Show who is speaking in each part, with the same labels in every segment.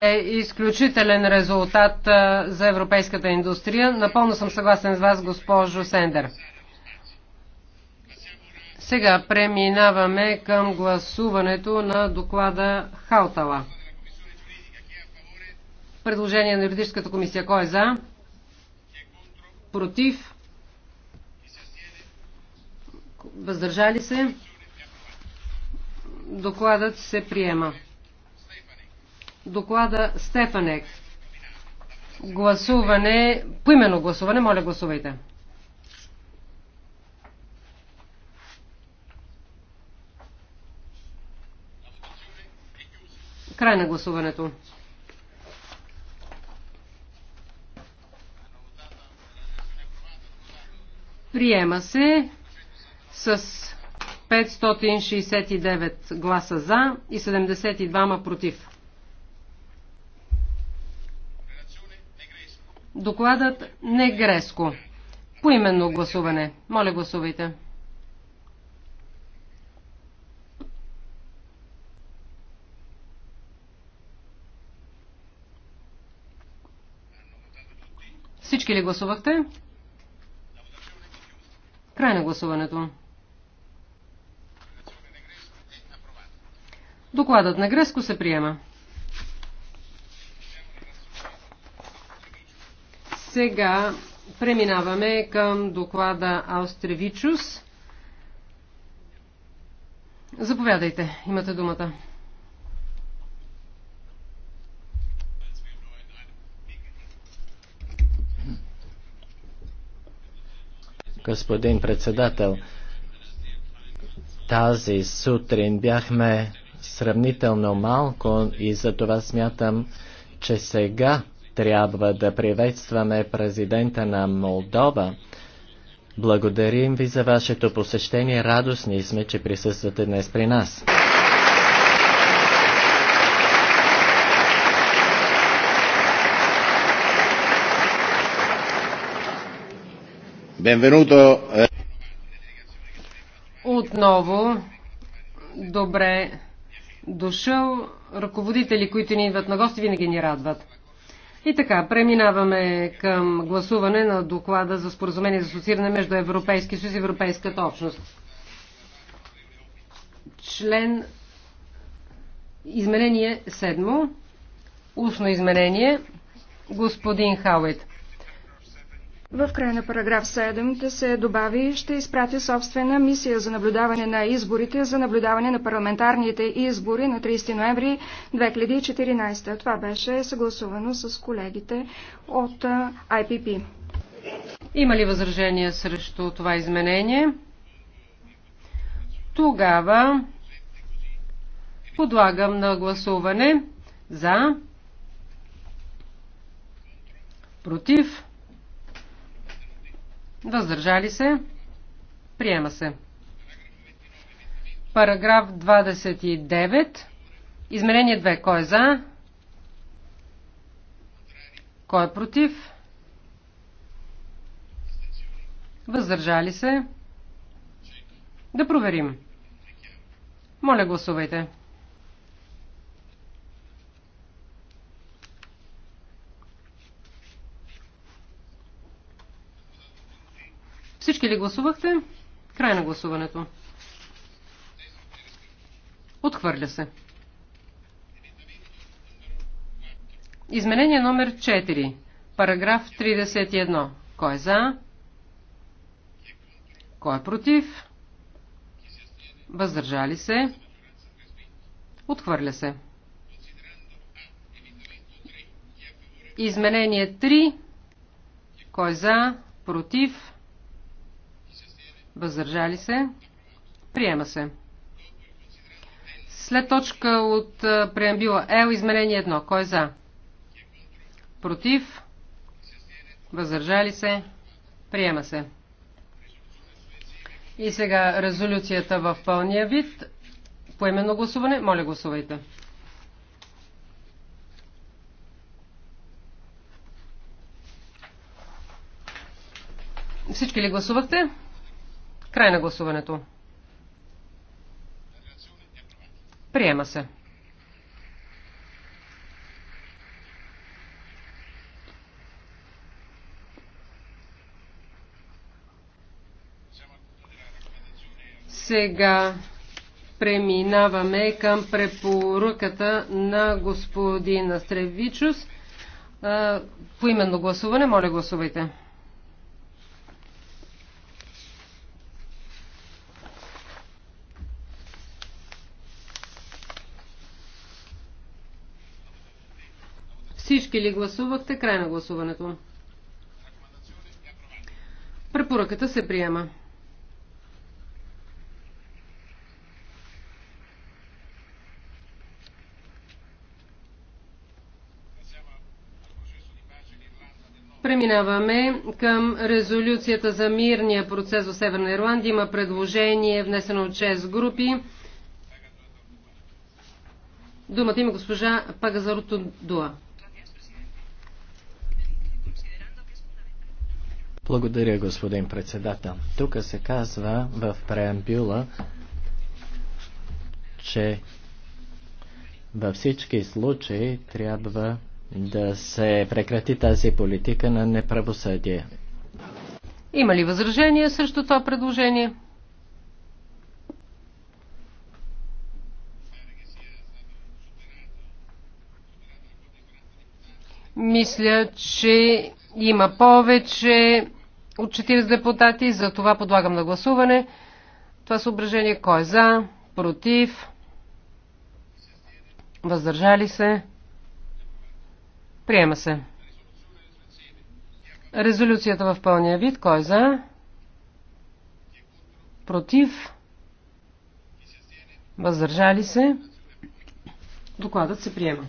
Speaker 1: е изключителен резултат за европейската индустрия. Напълно съм съгласен с вас, госпожо Сендер. Сега преминаваме към гласуването на доклада Хаутала. Предложение на юридическата комисия. Кой е за? Против? Въздържали се? Докладът се приема доклада Стефанек. Гласуване, поименно гласуване, моля гласувайте. Край на гласуването. Приема се с 569 гласа за и 72 против. Докладът не е греско. Поименно гласуване. Моля гласувайте. Всички ли гласувахте? Край на гласуването. Докладът на Греско се приема. Сега преминаваме към доклада Аустревичус. Заповядайте, имате думата. Господин председател, тази сутрин бяхме сравнително малко и за това смятам, че сега трябва да приветстваме президента на Молдова. Благодарим ви за вашето посещение. Радостни сме, че присъствате днес при нас. Бенвенуто. Eh. Отново добре дошъл. Ръководители, които ни идват на гости, винаги ни радват. И така, преминаваме към гласуване на доклада за споразумение за асоцииране между Европейски съюз и Европейската общност. Член изменение 7. Устно изменение. Господин Хауит. В края на параграф 7 да се добави ще изпрати собствена мисия за наблюдаване на изборите, за наблюдаване на парламентарните избори на 30 ноември 2014. Това беше съгласувано с колегите от IPP. Има ли възражение срещу това изменение? Тогава подлагам на гласуване за, против, Въздържали се. Приема се. Параграф 29. Измерение 2. Кой е за? Кой е против? Въздържали се. Да проверим. Моля, гласувайте. Всички ли гласувахте? Край на гласуването. Отхвърля се. Изменение номер 4. Параграф 31. Кой е за? Кой е против? Въздържали се? Отхвърля се. Изменение 3. Кой е за? Против? Въздържали се? Приема се. След точка от преамбила Л, е, изменение 1. Кой е за? Против? Въздържали се? Приема се. И сега резолюцията в пълния вид. Поименно гласуване. Моля, гласувайте. Всички ли гласувахте? Край на гласуването. Приема се. Сега преминаваме към препоръката на господина Стревичус. Поименно гласуване, моля гласувайте. Всички ли гласувахте? Край на гласуването. Препоръката се приема. Преминаваме към резолюцията за мирния процес в Северна Ирландия. Има предложение, внесено от 6 групи. Думата има госпожа Пагазарото Дуа. Благодаря, господин председател. Тук се казва в преамбюла, че във всички случаи трябва да се прекрати тази политика на неправосъдие. Има ли възражение срещу това предложение? Мисля, че има повече от 40 депутати. За това подлагам на гласуване. Това съображение кой е за, против, въздържали се. Приема се. Резолюцията в пълния вид. Кой е за? Против? Въздържали се? Докладът се приема.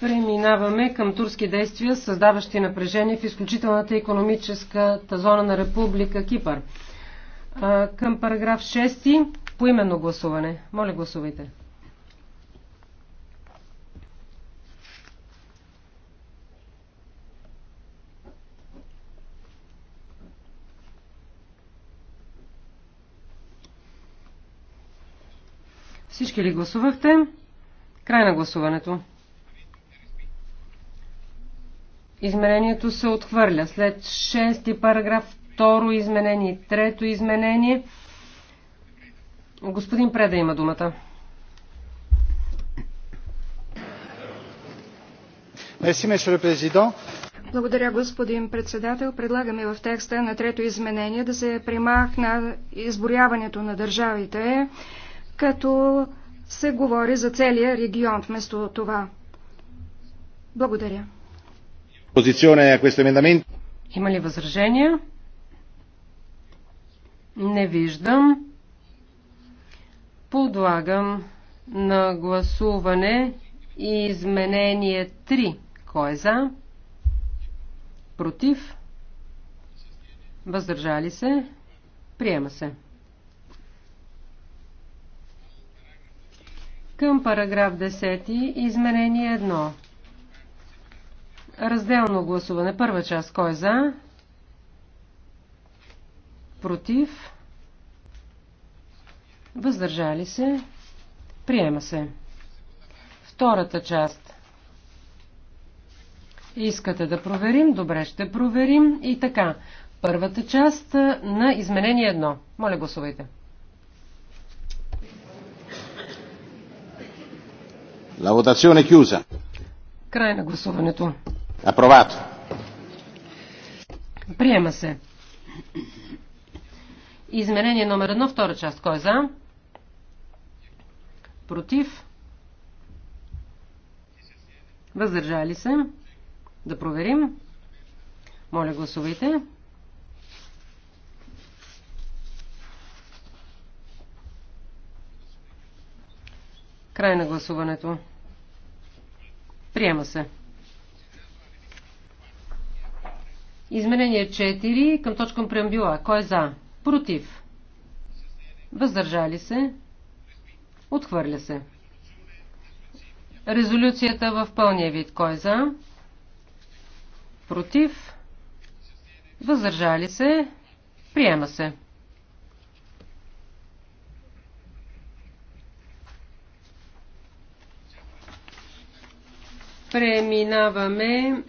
Speaker 1: Преминаваме към турски действия, създаващи напрежение в изключителната економическата зона на Република Кипър. Към параграф 6 поименно гласуване. Моля гласувайте. Всички ли гласувахте? Край на гласуването. Изменението се отхвърля. След 6 параграф, второ изменение, трето изменение. Господин Преда има думата. Благодаря, господин председател. Предлагаме в текста на трето изменение да се примахна изборяването на държавите, като се говори за целия регион вместо това. Благодаря. Има ли възражения? Не виждам. Подлагам на гласуване и изменение 3. Кой е за? Против? Въздържали се? Приема се. Към параграф 10 изменение 1. Разделно гласуване. Първа част. Кой е за? Против? Въздържали се? Приема се. Втората част. Искате да проверим? Добре, ще проверим. И така. Първата част на изменение 1. Моля, гласувайте. La votazione chiusa. Край на гласуването. Апровато. Приема се. Изменение номер едно, втора част. Кой е за? Против? Въздържали се? Да проверим. Моля, гласувайте. Край на гласуването. Приема се. Изменение 4 към точка на преамбюла. Кой е за? Против. Въздържали се. Отхвърля се. Резолюцията в пълния вид. Кой е за? Против. Въздържали се. Приема се. Преминаваме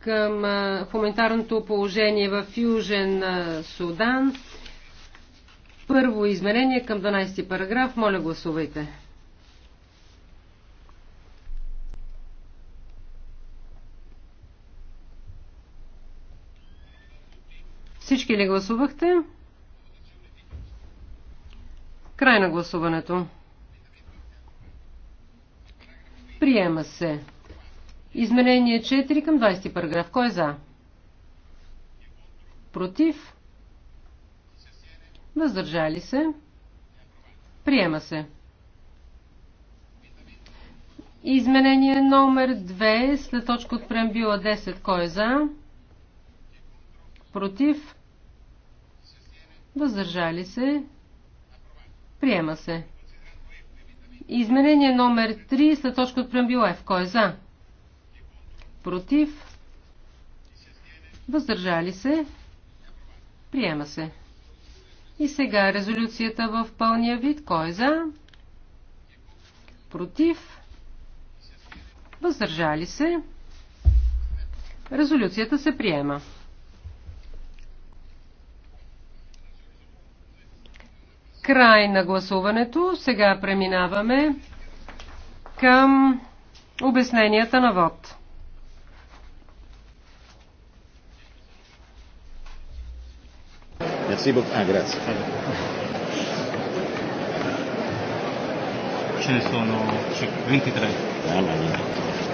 Speaker 1: към хуманитарното положение в Южен Судан. Първо измерение към 12 параграф. Моля гласувайте. Всички ли гласувахте? Край на гласуването. Приема се. Изменение 4 към 20 параграф. Кой е за? Против? Въздържали се? Приема се. Изменение номер 2 след точка от преамбила 10. Кой е за? Против? Въздържали се? Приема се. Изменение номер 3 след точка от преамбила F. Кой е за? против, въздържали се, приема се. И сега резолюцията в пълния вид. Кой е за? Против? Въздържали се? Резолюцията се приема. Край на гласуването. Сега преминаваме към обясненията на ВОД. Merci beaucoup. ah, grazie. Ce ne sono 23. Mamma mia.